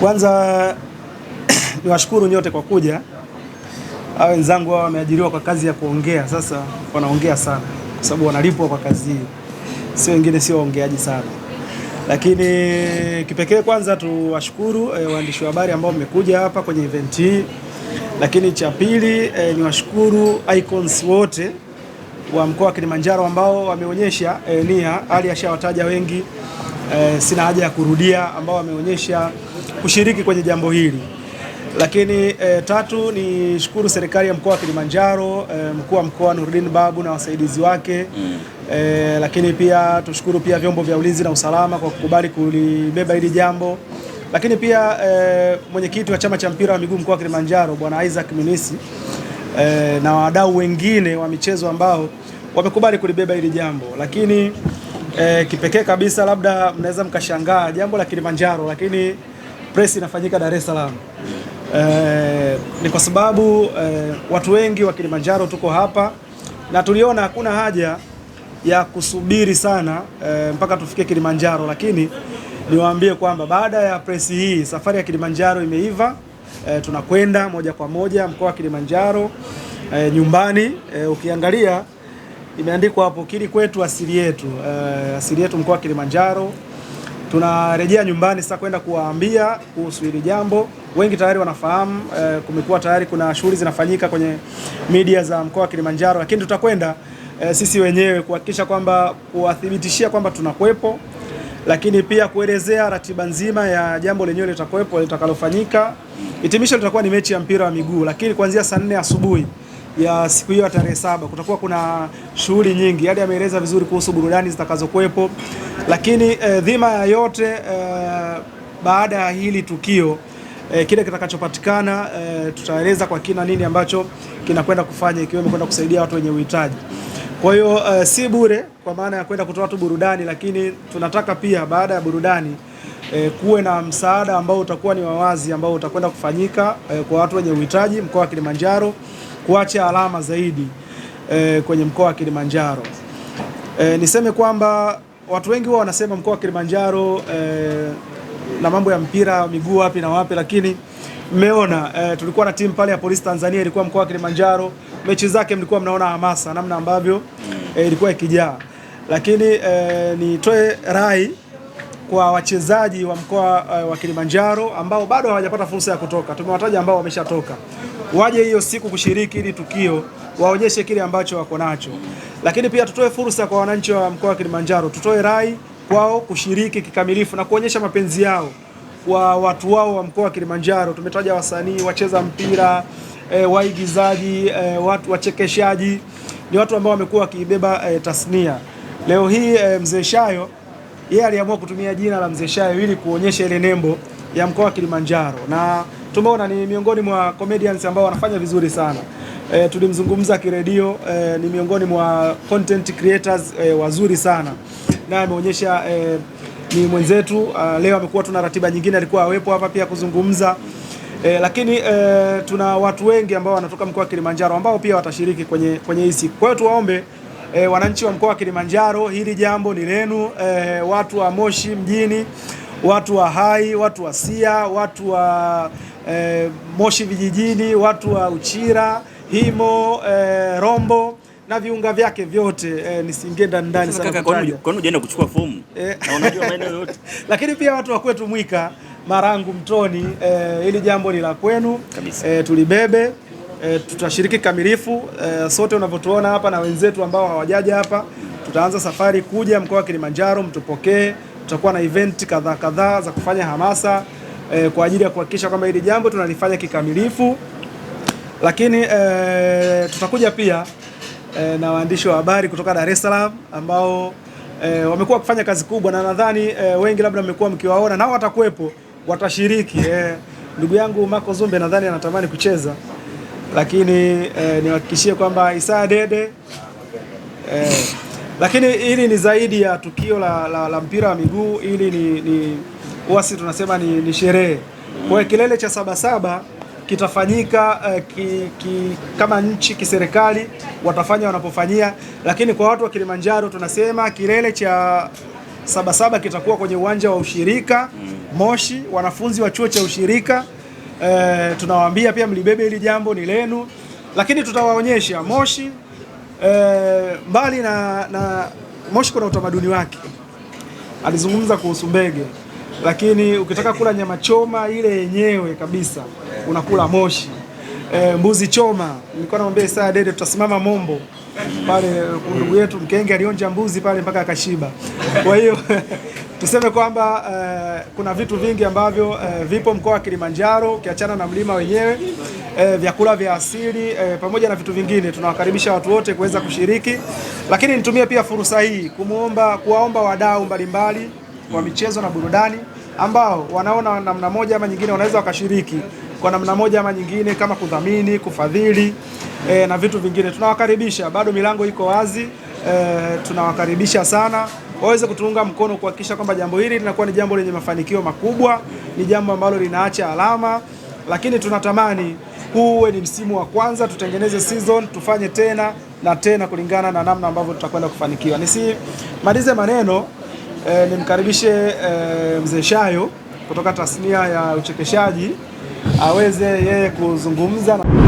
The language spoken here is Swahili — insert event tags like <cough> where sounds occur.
Kwanza <coughs> niwashukuru nyote kwa kuja. Hao wenzangu hao wameajiriwa kwa kazi ya kuongea, sasa wanaongea sana kwa sababu wanalipwa kwa kazi hiyo, si wengine, sio waongeaji sana. Lakini kipekee kwanza tuwashukuru e, waandishi wa habari ambao mmekuja hapa kwenye event hii, lakini cha pili e, niwashukuru icons wote wa mkoa wa Kilimanjaro ambao wameonyesha e, nia. hali ashawataja wengi eh, sina haja ya kurudia, ambao wameonyesha kushiriki kwenye jambo hili. Lakini eh, tatu ni shukuru serikali ya mkoa wa Kilimanjaro eh, mkuu wa mkoa Nurdin Babu na wasaidizi wake mm. eh, lakini pia tushukuru pia vyombo vya ulinzi na usalama kwa kukubali kulibeba hili jambo lakini pia e, mwenyekiti wa chama cha mpira wa miguu mkoa wa Kilimanjaro Bwana Isaac Minisi e, eh, na wadau wengine wa michezo ambao wamekubali kulibeba hili jambo, lakini E, kipekee kabisa labda mnaweza mkashangaa jambo la Kilimanjaro, lakini press inafanyika Dar es Salaam. E, ni kwa sababu e, watu wengi wa Kilimanjaro tuko hapa na tuliona hakuna haja ya kusubiri sana e, mpaka tufike Kilimanjaro, lakini niwaambie kwamba baada ya press hii safari ya Kilimanjaro imeiva. E, tunakwenda moja kwa moja mkoa wa Kilimanjaro e, nyumbani e, ukiangalia imeandikwa hapo, kili kwetu asili yetu. Uh, asili yetu mkoa wa Kilimanjaro. Tunarejea nyumbani sasa kwenda kuwaambia kuhusu hili jambo. Wengi tayari wanafahamu. Uh, kumekuwa tayari kuna shughuli zinafanyika kwenye media za mkoa wa Kilimanjaro, lakini tutakwenda uh, sisi wenyewe kuhakikisha kwamba kuwathibitishia kwamba tunakuwepo, lakini pia kuelezea ratiba nzima ya jambo lenyewe litakuwepo litakalofanyika. Hitimisho litakuwa ni mechi ya mpira wa miguu, lakini kuanzia saa nne asubuhi ya siku hiyo ya tarehe saba kutakuwa kuna shughuli nyingi, yaani ameeleza vizuri kuhusu burudani zitakazokuwepo, lakini eh, dhima ya yote eh, baada ya hili tukio eh, kile kitakachopatikana eh, tutaeleza kwa kina nini ambacho kinakwenda kufanya ikiwemo kwenda kusaidia watu wenye uhitaji. Kwa hiyo eh, si bure kwa maana ya kwenda kutoa tu burudani, lakini tunataka pia baada ya burudani e, kuwe na msaada ambao utakuwa ni wawazi ambao utakwenda kufanyika e, kwa watu wenye uhitaji mkoa wa Kilimanjaro kuacha alama zaidi e, kwenye mkoa wa Kilimanjaro. E, niseme kwamba watu wengi huwa wanasema mkoa wa Kilimanjaro e, na mambo ya mpira miguu wapi na wapi, lakini mmeona e, tulikuwa na timu pale ya Polisi Tanzania ilikuwa mkoa wa Kilimanjaro, mechi zake mlikuwa mnaona hamasa namna ambavyo e, ilikuwa ikijaa, lakini e, nitoe rai kwa wachezaji wa mkoa uh, wa Kilimanjaro ambao bado hawajapata fursa ya kutoka. Tumewataja ambao wameshatoka, waje hiyo siku kushiriki ili tukio, waonyeshe kile ambacho wako nacho, lakini pia tutoe fursa kwa wananchi wa mkoa wa Kilimanjaro, tutoe rai kwao kushiriki kikamilifu na kuonyesha mapenzi yao kwa watu wao wa mkoa wa Kilimanjaro. Tumetaja wasanii, wacheza mpira e, waigizaji e, watu wachekeshaji, ni watu ambao wamekuwa wakiibeba e, tasnia. Leo hii e, mzee Shayo yeye aliamua kutumia jina la Mzee Shayo ili kuonyesha ile nembo ya mkoa wa Kilimanjaro, na tumeona ni miongoni mwa comedians ambao wanafanya vizuri sana. E, tulimzungumza kiredio. E, ni miongoni mwa content creators e, wazuri sana naye ameonyesha e, ni mwenzetu a, leo amekuwa tuna ratiba nyingine, alikuwa awepo hapa pia kuzungumza e, lakini e, tuna watu wengi ambao wanatoka mkoa wa Kilimanjaro ambao pia watashiriki kwenye kwenye hii siku. Kwa hiyo tuwaombe E, wananchi wa mkoa wa Kilimanjaro hili jambo ni lenu. E, watu wa Moshi mjini, watu wa Hai, watu wa Sia, watu wa e, Moshi vijijini, watu wa Uchira, Himo, e, Rombo na viunga vyake vyote e, nisiingie ndani ndani sana kwani hujaenda kuchukua fomu e, na unajua maeneo yote <laughs> lakini pia watu wa kwetu Mwika Marangu Mtoni, e, hili jambo ni la kwenu eh, tulibebe e, tutashiriki kamilifu e, sote unavyotuona hapa na wenzetu ambao hawajaja hapa. Tutaanza safari kuja mkoa wa Kilimanjaro, mtupokee. Tutakuwa na event kadhaa kadhaa za kufanya hamasa e, kwa ajili ya kuhakikisha kwamba hili jambo tunalifanya kikamilifu, lakini e, tutakuja pia e, na waandishi wa habari kutoka Dar es Salaam ambao e, wamekuwa wakifanya kazi kubwa na nadhani e, wengi labda mmekuwa mkiwaona, nao watakuwepo watashiriki. E, ndugu yangu Marco Zumbe nadhani anatamani kucheza lakini eh, niwahakikishie kwamba Isaya Dede eh, lakini hili ni zaidi ya tukio la, la, la mpira wa miguu. Hili ni, ni uasi tunasema ni, ni sherehe. Kwa hiyo kilele cha Sabasaba kitafanyika eh, ki, ki, kama nchi kiserikali watafanya wanapofanyia, lakini kwa watu wa Kilimanjaro tunasema kilele cha Sabasaba kitakuwa kwenye uwanja wa ushirika mm. Moshi, wanafunzi wa chuo cha ushirika e, tunawaambia pia mlibebe hili jambo ni lenu, lakini tutawaonyesha Moshi e, mbali na, na Moshi kuna utamaduni wake. Alizungumza kuhusu mbege, lakini ukitaka kula nyama choma ile yenyewe kabisa unakula Moshi. E, mbuzi choma nilikuwa namwambia saa dede, tutasimama Mombo pale, ndugu yetu Mkenge alionja mbuzi pale mpaka akashiba, kwa hiyo <laughs> Tuseme kwamba uh, kuna vitu vingi ambavyo uh, vipo mkoa wa Kilimanjaro ukiachana na mlima wenyewe uh, vyakula vya asili uh, pamoja na vitu vingine. Tunawakaribisha watu wote kuweza kushiriki, lakini nitumie pia fursa hii kumuomba, kuwaomba wadau mbalimbali wa michezo na burudani ambao wanaona namna moja ama nyingine wanaweza wakashiriki kwa namna moja ama nyingine, kama kudhamini, kufadhili eh, na vitu vingine. Tunawakaribisha, bado milango iko wazi eh, tunawakaribisha sana waweze kutuunga mkono kuhakikisha kwamba jambo hili linakuwa ni jambo lenye mafanikio makubwa, ni jambo ambalo linaacha alama, lakini tunatamani huu uwe ni msimu wa kwanza, tutengeneze season, tufanye tena na tena kulingana na namna ambavyo tutakwenda kufanikiwa. Nisimalize maneno e, nimkaribishe e, mzee Shayo kutoka tasnia ya uchekeshaji aweze yeye kuzungumza na...